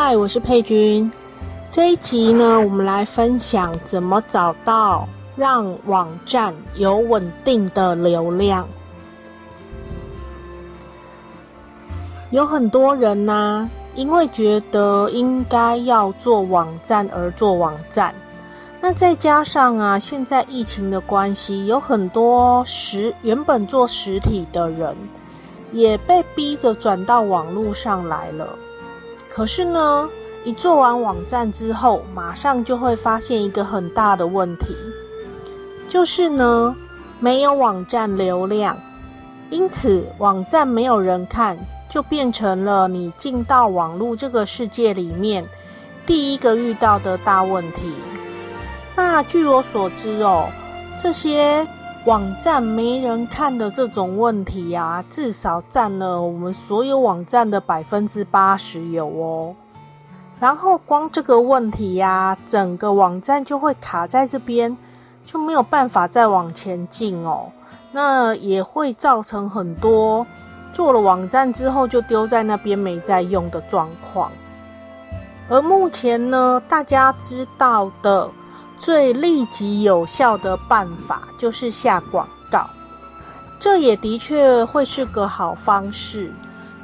嗨，Hi，我是佩君。這一集呢，我們來分享怎麼找到讓網站有穩定的流量。有很多人呢、啊，因為覺得應該要做網站而做網站。那再加上啊，現在疫情的關係，有很多實原本做實體的人也被逼着轉到網絡上來了。可是呢，一做完網站之後，馬上就會發現一個很大的問題，就是呢，沒有網站流量，因此網站沒有人看，就變成了你進到網絡這個世界裡面第一個遇到的大問題。那據我所知哦，這些。網站沒人看的這種問題啊，至少占了我們所有網站的百分之八十有哦。然後光這個問題呀、啊，整個網站就會卡在這邊，就沒有辦法再往前進哦。那也會造成很多做了網站之後就丟在那邊沒在用的狀況。而目前呢，大家知道的最立即有效的辦法就是下廣告，這也的確會是個好方式。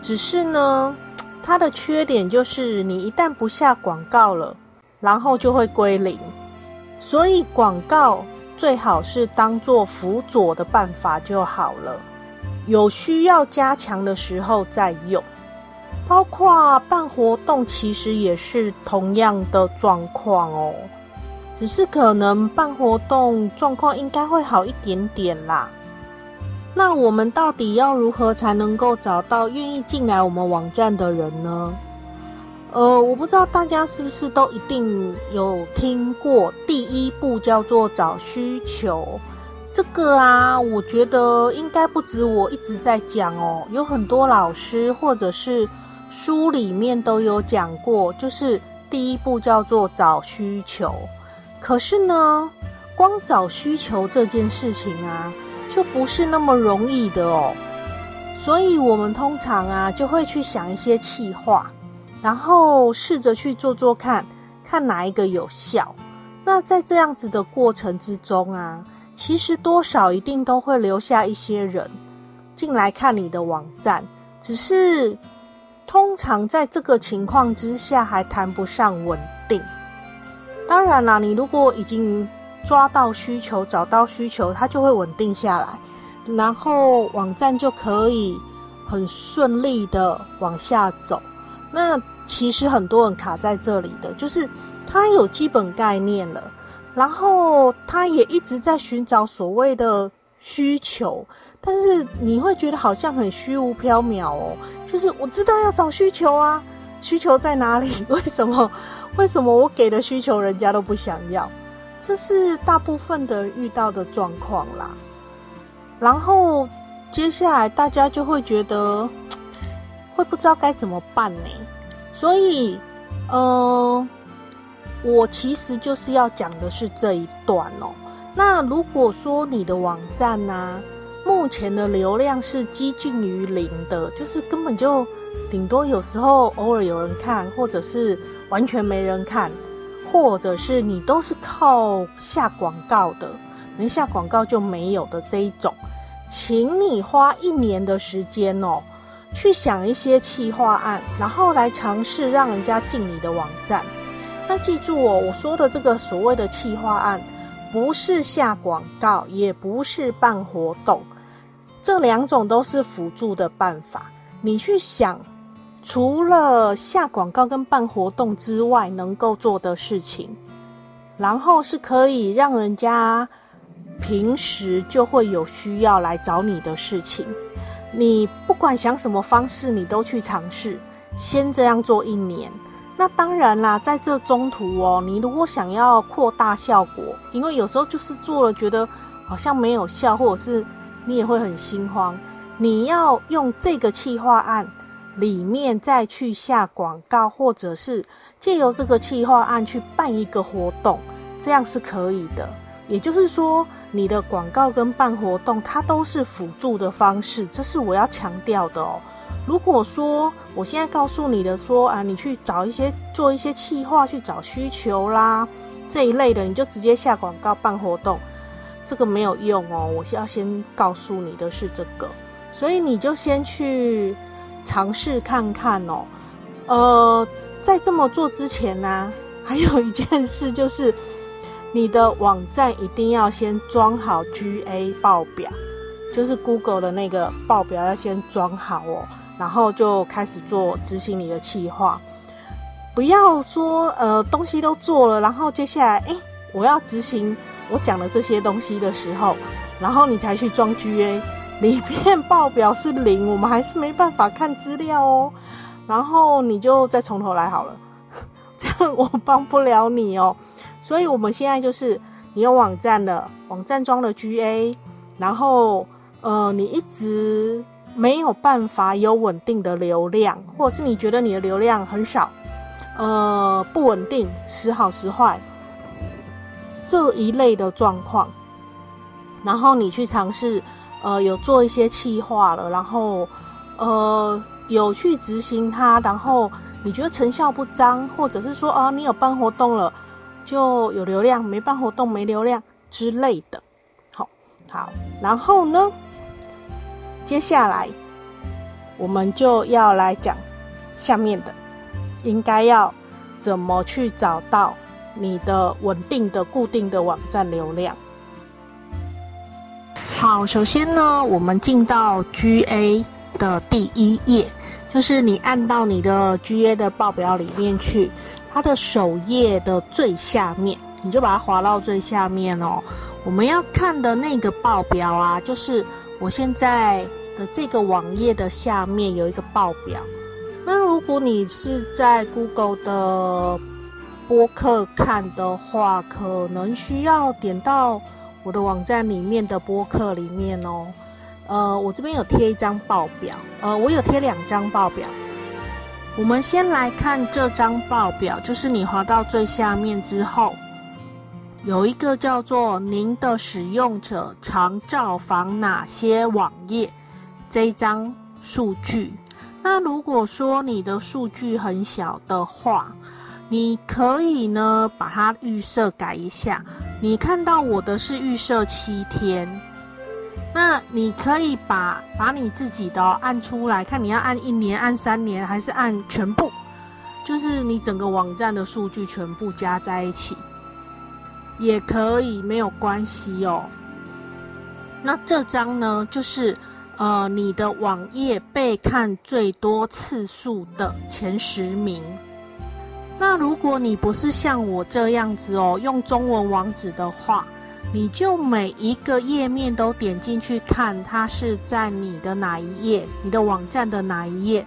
只是呢，它的缺點就是你一旦不下廣告了，然後就會歸零。所以廣告最好是當做輔佐的辦法就好了，有需要加強的時候再用。包括辦活動，其實也是同樣的狀況哦。只是可能辦活動狀況應該會好一點點啦。那我們到底要如何才能夠找到願意進來我們網站的人呢？呃，我不知道大家是不是都一定有聽過第一步叫做找需求。這個啊，我覺得應該不止我一直在講哦，有很多老師或者是書裡面都有講過，就是第一步叫做找需求。可是呢，光找需求這件事情啊，就不是那麼容易的哦。所以，我們通常啊，就會去想一些企劃，然後試着去做做看，看哪一個有效。那在這樣子的過程之中啊，其實多少一定都會留下一些人進來看你的網站，只是通常在這個情況之下，還談不上穩定。當然啦，你如果已經抓到需求，找到需求，它就會穩定下來，然後網站就可以很順利的往下走。那其實很多人卡在這裡的，就是他有基本概念了，然後他也一直在尋找所謂的需求，但是你會覺得好像很虛無縹緲哦，就是我知道要找需求啊，需求在哪裡？為什麼？為什麼我給的需求人家都不想要？這是大部分的人遇到的狀況啦。然後接下來大家就會覺得會不知道該怎麼辦呢、欸。所以，呃，我其實就是要講的是這一段哦、喔。那如果說你的網站呢、啊，目前的流量是幾近於零的，就是根本就頂多有時候偶爾有人看，或者是。完全沒人看，或者是你都是靠下廣告的，沒下廣告就沒有的這一種，請你花一年的時間哦，去想一些企劃案，然後來嘗試讓人家進你的網站。那記住哦，我說的這個所謂的企劃案，不是下廣告，也不是辦活動，這兩種都是輔助的辦法，你去想。除了下廣告跟辦活動之外，能夠做的事情，然後是可以讓人家平時就會有需要來找你的事情。你不管想什麼方式，你都去嘗試，先這樣做一年。那當然啦，在這中途哦、喔，你如果想要擴大效果，因為有時候就是做了覺得好像沒有效，或者是你也會很心慌，你要用這個企劃案裡面再去下廣告，或者是借由這個企劃案去辦一個活動，這樣是可以的。也就是說，你的廣告跟辦活動，它都是輔助的方式，這是我要強調的哦。如果說我現在告訴你的說啊，你去找一些做一些企劃，去找需求啦這一類的，你就直接下廣告辦活動，這個沒有用哦。我要先告訴你的是這個，所以你就先去。嘗試看看哦，呃，在這麼做之前呢，還有一件事就是，你的網站一定要先裝好 GA 報表，就是 Google 的那個報表要先裝好哦，然後就開始做執行你的計劃，不要說呃東西都做了，然後接下來哎，我要執行我講的這些東西的時候，然後你才去裝 GA。裡面報表是零，我們還是沒辦法看資料哦。然後你就再從頭來好了，這樣我幫不了你哦。所以，我們現在就是你有網站了，網站裝了 GA，然後呃，你一直沒有辦法有穩定的流量，或者是你覺得你的流量很少，呃，不穩定，時好時壞這一類的狀況，然後你去嘗試。呃，有做一些企劃了，然後，呃，有去執行它，然後你覺得成效不彰，或者是說，哦、啊，你有辦活動了就有流量，沒辦活動沒流量之類的。好、哦，好，然後呢，接下來我們就要來講下面的，應該要怎麼去找到你的穩定的、固定的網站流量。好，首先呢，我們進到 GA 的第一頁，就是你按到你的 GA 的報表裡面去，它的首頁的最下面，你就把它滑到最下面哦。我們要看的那個報表啊，就是我現在的這個網頁的下面有一個報表。那如果你是在 Google 的播客看的話，可能需要點到。我的網站裡面的播客裡面哦，呃，我這邊有貼一張報表，呃，我有貼兩張報表。我們先來看這張報表，就是你滑到最下面之後，有一個叫做“您的使用者常造訪哪些網頁”這一張數據。那如果說你的數據很小的話，你可以呢，把它預設改一下。你看到我的是預設七天，那你可以把把你自己的，哦，按出來，看你要按一年、按三年，還是按全部，就是你整個網站的數據全部加在一起，也可以沒有關係哦。那這張呢，就是呃你的網頁被看最多次數的前十名。那如果你不是像我這樣子哦，用中文網址的話，你就每一個頁面都點進去看，它是在你的哪一頁，你的網站的哪一頁，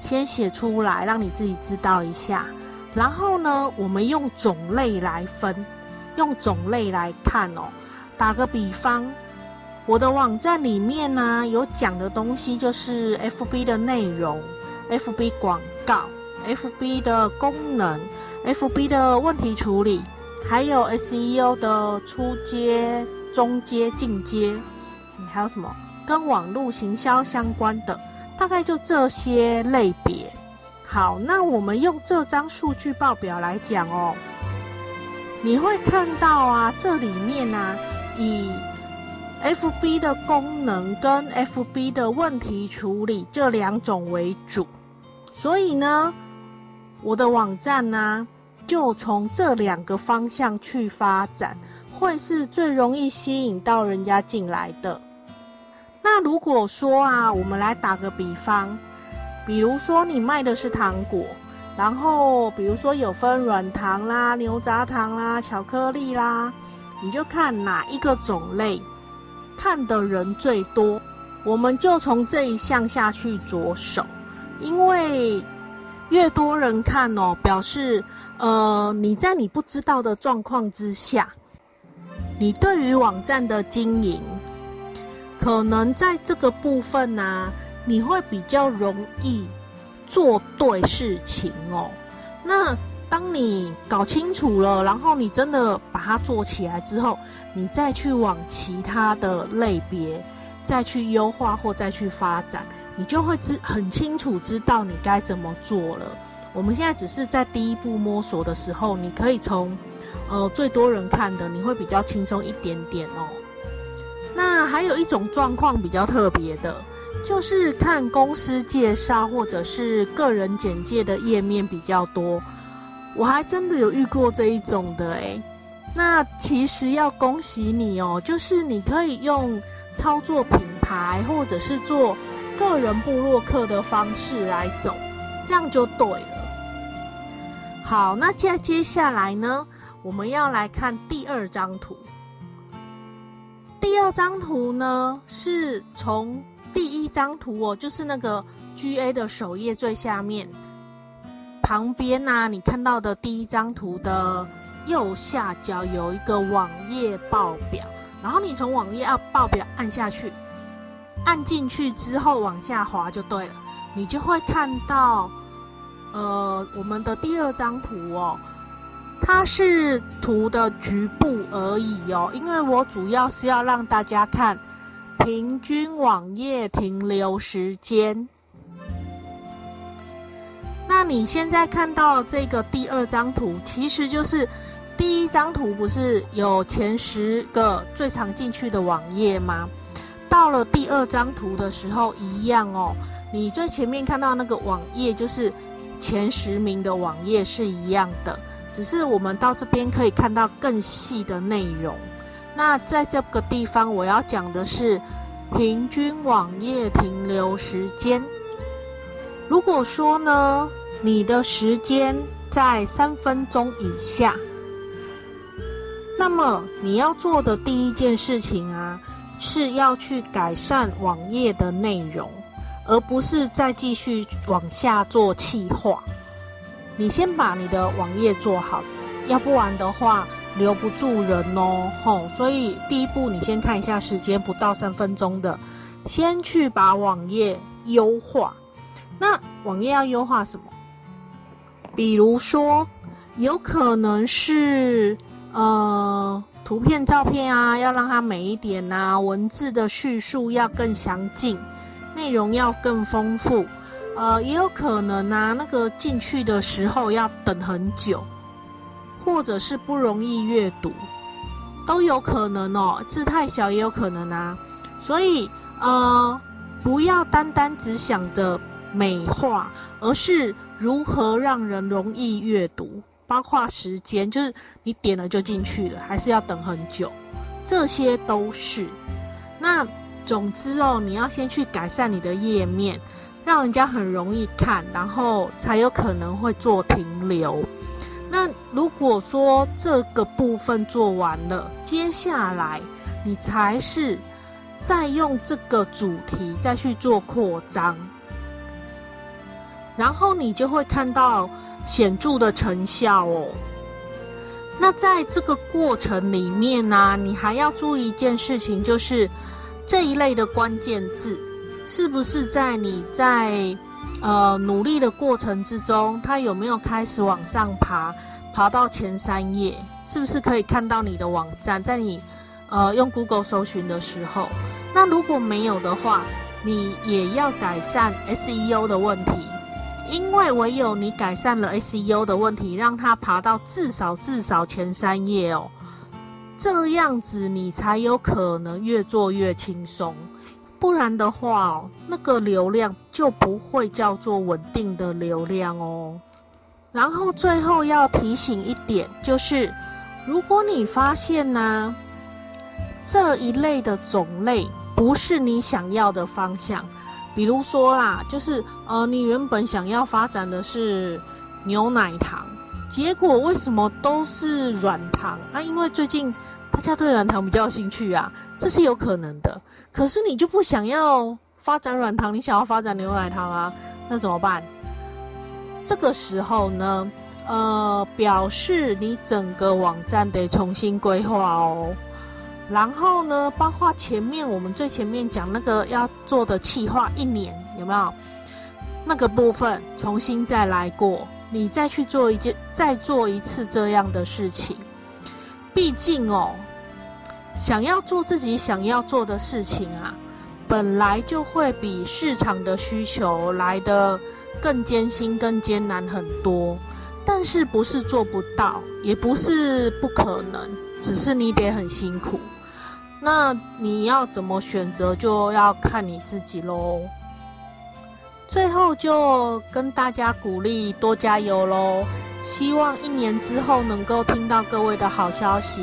先寫出來，讓你自己知道一下。然後呢，我們用種類來分，用種類來看哦。打個比方，我的網站裡面呢、啊、有講的東西就是 FB 的內容，FB 廣告。F B 的功能，F B 的問題處理，還有 S E O 的初階、中階、進階，還有什麼跟網絡行銷相關的，大概就這些類別。好，那我們用這張數據報表來講哦，你會看到啊，這裡面呢、啊，以 F B 的功能跟 F B 的問題處理這兩種為主，所以呢。我的網站呢、啊，就從這兩個方向去發展，會是最容易吸引到人家進來的。那如果說啊，我們來打個比方，比如說你賣的是糖果，然後比如說有分軟糖啦、牛軋糖啦、巧克力啦，你就看哪一個種類看的人最多，我們就從這一項下去着手，因為。越多人看哦，表示，呃，你在你不知道的狀況之下，你對於網站的經營，可能在這個部分啊，你會比較容易做對事情哦。那當你搞清楚了，然後你真的把它做起來之後，你再去往其他的類別，再去優化，或再去發展。你就會知很清楚知道你該怎麼做了。我們現在只是在第一步摸索的時候，你可以從呃最多人看的，你會比較輕鬆一點點哦。那還有一種狀況比較特別的，就是看公司介紹或者是個人簡介的頁面比較多。我還真的有遇過這一種的誒。那其實要恭喜你哦，就是你可以用操作品牌或者是做。個人部落客的方式來走，這樣就對了。好，那接接下來呢，我們要來看第二張圖。第二張圖呢，是從第一張圖哦，就是那個 GA 的首頁最下面旁邊吶、啊，你看到的第一張圖的右下角有一個網頁報表，然後你從網頁報表按下去。按進去之後往下滑，就對了，你就會看到，呃，我們的第二張圖哦，它是圖的局部而已哦，因為我主要是要讓大家看平均網頁停留時間。那你現在看到這個第二張圖，其實就是第一張圖不是有前十個最常進去的網頁嗎？到了第二張圖的時候，一樣哦。你最前面看到的那個網頁，就是前十名的網頁是一樣的，只是我們到這邊可以看到更細的內容。那在這個地方，我要講的是平均網頁停留時間。如果說呢，你的時間在三分鐘以下，那麼你要做的第一件事情啊。是要去改善網頁的內容，而不是再繼續往下做氣化。你先把你的網頁做好，要不然的話留不住人哦。吼，所以第一步，你先看一下時間不到三分鐘的，先去把網頁優化。那網頁要優化什麼？比如說，有可能是呃。圖片、照片啊，要讓它美一點啊，文字的敘述要更詳盡，內容要更豐富。呃，也有可能啊，那個進去的時候要等很久，或者是不容易閱讀，都有可能哦。字太小也有可能啊。所以呃，不要單單只想着美化，而是如何讓人容易閱讀。花時間就是你點了就進去了，還是要等很久，這些都是。那總之哦，你要先去改善你的頁面，讓人家很容易看，然後才有可能會做停留。那如果說這個部分做完了，接下來你才是再用這個主題再去做擴張，然後你就會看到。顯著的成效哦。那在這個過程裡面呢，你還要注意一件事情，就是這一類的關鍵字，是不是在你在呃努力的過程之中，它有沒有開始往上爬，爬到前三頁？是不是可以看到你的網站，在你呃用 Google 搜尋的時候？那如果沒有的話，你也要改善 SEO 的問題。因為唯有你改善了 SEO 的問題，讓它爬到至少至少前三頁哦，這樣子你才有可能越做越輕鬆。不然的話哦，那個流量就不會叫做穩定的流量哦。然後最後要提醒一點，就是如果你發現呢，這一類的種類不是你想要的方向。比如說啦，就是呃，你原本想要發展的是牛奶糖，結果為什麼都是軟糖啊？因為最近大家對軟糖比較有興趣啊，這是有可能的。可是你就不想要發展軟糖，你想要發展牛奶糖啊，那怎麼辦？這個時候呢，呃，表示你整個網站得重新規劃哦。然後呢，包括前面我們最前面講那個要做的企劃一年有沒有那個部分，重新再來過，你再去做一件，再做一次這樣的事情。畢竟哦，想要做自己想要做的事情啊，本來就會比市場的需求來得更艱辛、更艱難很多。但是不是做不到，也不是不可能，只是你得很辛苦。那你要怎麼選擇，就要看你自己嘍。最後就跟大家鼓勵，多加油嘍。希望一年之後能夠聽到各位的好消息。